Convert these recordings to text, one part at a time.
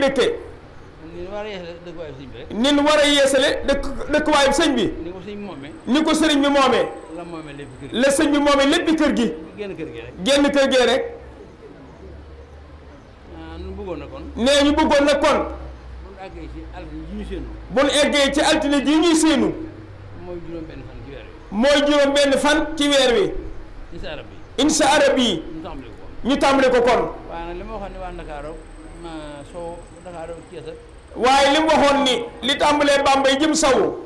dëkk nin war a yeesale dëkk dëkkuwaayub sëñ bi ni ko sëriñ bi moomee la sëñ bi moomee léppi kër gi génn kër gee rek nee ñu bëggoon na kon bu nu eggee ci altine ji ñuy séenu mooy juróom benn fan ci weer wi insa arab yi ñu tàmbali ko kon waaye nag li ma waxoon ne waa Ndakaaru waaye li mu waxoon ni li tàmbalee bambay jëm saw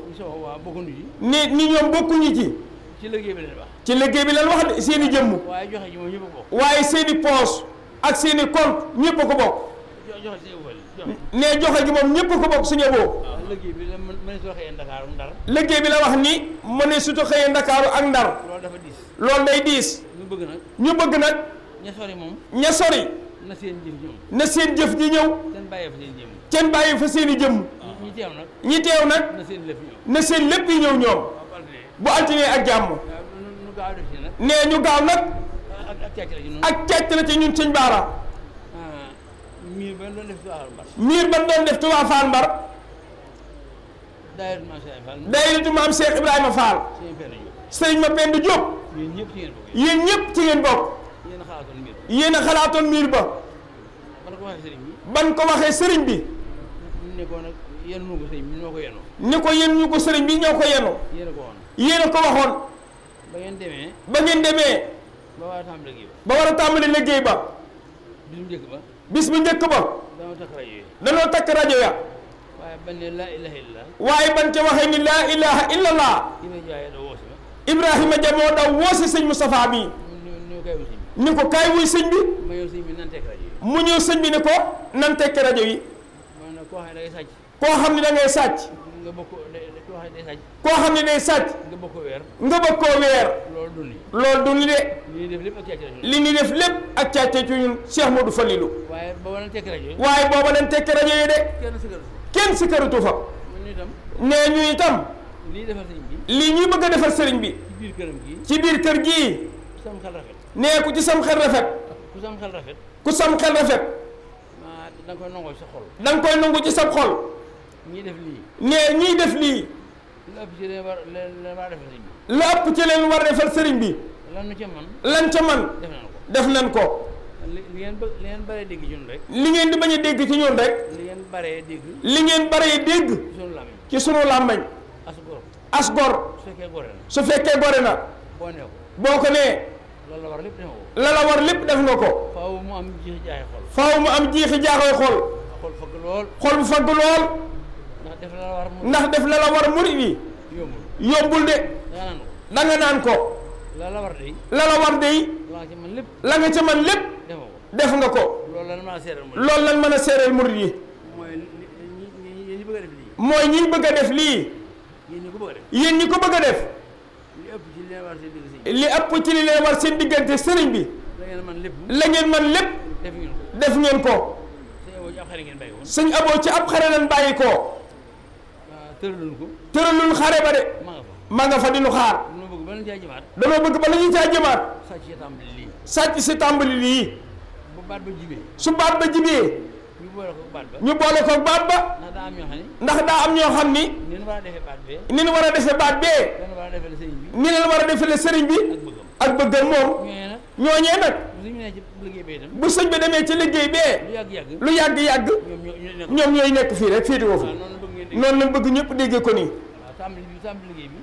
ni ni ñoom bokkuñu ci ci liggéey bi lañ wax ci liggéey bi lañ wax de seen i jëmm joxe ji moom ñëpp ko bokk waaye seen ak seen compte ñëpp ko bokk ne joxe gi moom ñëpp ko bokk suñu boo ah, bi Ndar bi la wax ni mëneesutu xëyee Ndakaaru ak Ndar loolu dafa diis loolu day diis ñu bëgg ñu bëgg sori sori نسين جف دي نيو تن باي فا سيني جيم ني تيو نا نسين لب دي نيو نيو بو التني اك جامو ني نيو گاو نا اك تيتلا تي نون سين بارا مير بن دون ديف توفار بار مير بن دون ديف توفار بار دايل ما ام شيخ ابراهيم فال سيرن ما بند جوب يين نيب تي ген بوك يين خلاتون مير يين خلاتون مير با ban ko waxee sëriñ bi. ni ko nag yéen ñu ko sëriñ bi ñoo ko yenoo. ni ko yéen ñu ko sëriñ bi ñoo ko yenoo. yéen a ko waxoon. yéen a ko waxoon. ba ngeen demee. ba ngeen war a tàmbali liggéey ba. ba war a tàmbali liggéey ba. bis bu njëkk ba. bis bu njëkk ba. danoo takk rajo yi. danoo takk rajo ya. waaye ban ne laa ilaha illallah. waaye ban ca waxee ni laa ilaha illallah. Ibrahima Dia daw woosi sëñ Moustapha bi. ni ko kaay wuy sëñ bi. mu ñëw sëñ bi ne ko nan tekki rajo yi. koo xam ne dangay sàcc. koo xam ne dangay sàcc. nga bëgg koo day sàcc. koo xam ne day sàcc. nga bëgg koo weer. nga bëgg koo weer. loolu du li. loolu du de. li ñuy def lépp ak càcc la li ñuy def lépp ak càcc ci ñun Cheikh Modou Falilou. waaye booba nan tekki rajo yi. waaye booba nan tekki rajo yi de. kenn si kërutu kenn si kërutu fa. nee ñu itam. lii defar sëriñ bi. lii ñuy bëgg a defar sëriñ bi. ci biir këram gii. ci kër gii. nee ku ci sam xel rafet. ku sam xel rafet. ku sam xel rafet. ah da nga koy nangu ci sa xol. da nga koy nangu ci sa xol. ñii def lii. mais ñii def lii. la ëpp ci leen war leen war defal sëriñ bi. la ëpp ci leen lan ca man. lan def nañ ko. li ngeen li ngeen baree dégg ci ñun rek. li ngeen di bañ a dégg ci ñun rek. li ngeen li ngeen baree dégg. ci sunu làmmañ. as gor. as gor. su fekkee gore na. su fekkee gore na. boo ko nee. la la war lepp def nga ko. faaw mu am jeex jaaxi xol. faaw mu am xol. xol fagg lol ndax def la la war murid ni. yi. yombul yombul de. da nga nan ko. la la war de la la war dey. la nga ci man lepp def nga ko. lol lan ma seral seeral murid yi. loolu lan mën ñi bëgg def li yeen ñi ko bëgg def. ñi ko bëgg def. li ëpp ci li leen war seen diggante sëriñ bi la ngeen man lépp def ngeen ko sëñ aboo ci ab xare lañ bàyyi ko ah, tëralul xare ba de ma nga fa di nu xaar dañoo bëgg ba la ñuy caa jëmaat sàcc si tàmbali lii su baat ba jibee ñu boole ko baat ba. ñu boole ko baat ba. ndax daa am ñoo xam ni. ndax daa am ñoo xam ni. nu ñu war a defee baat bee. ni ñu war a defee baat bee. ni ñu war a defee sëriñ bi. ak bëggam moom. ñooñee nag. bu sëñ bi demee ci liggéey bee. lu yàgg yàgg. ñoom ñooy nekk fii rek fii di ko fa. noonu lañ bëgg ñëpp déggee ko nii.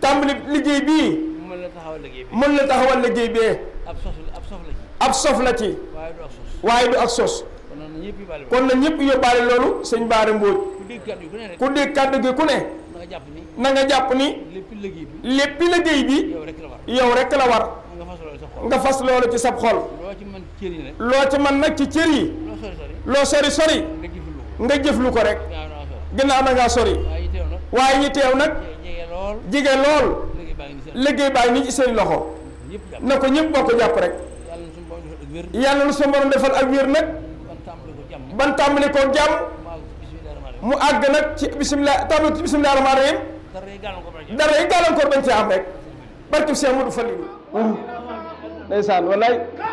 tàmbali liggéey bii. mën la taxawal liggéey bii. mën la taxawal liggéey bee. ab sof la ci. waaye du ak sos. kon na ñëpp yóbbaale loolu sëñ Baara Mbóoj ku dégg kàddu gi ku ne na nga jàpp ni lépp liggéey bi yow rek la war nga fas loolu ci sab xol loo ci man nag ci cër yi loo sori sori nga jëflu ko rek gannaaw na ngaa sori waaye ñi teew nag jige lool liggéey baa ngi ni ci seen loxo na ko ñëpp bokk jàpp rek yàlla na suñu borom defal ak wér nag ban tàmbali koog jàmm mu àgg nag ci bisimilah tàmbali ci bisimilah rahmaani rahim dara yi gàllankoor bañ ci am rek barke Cheikh Modou Falilou ndeysaan wallaay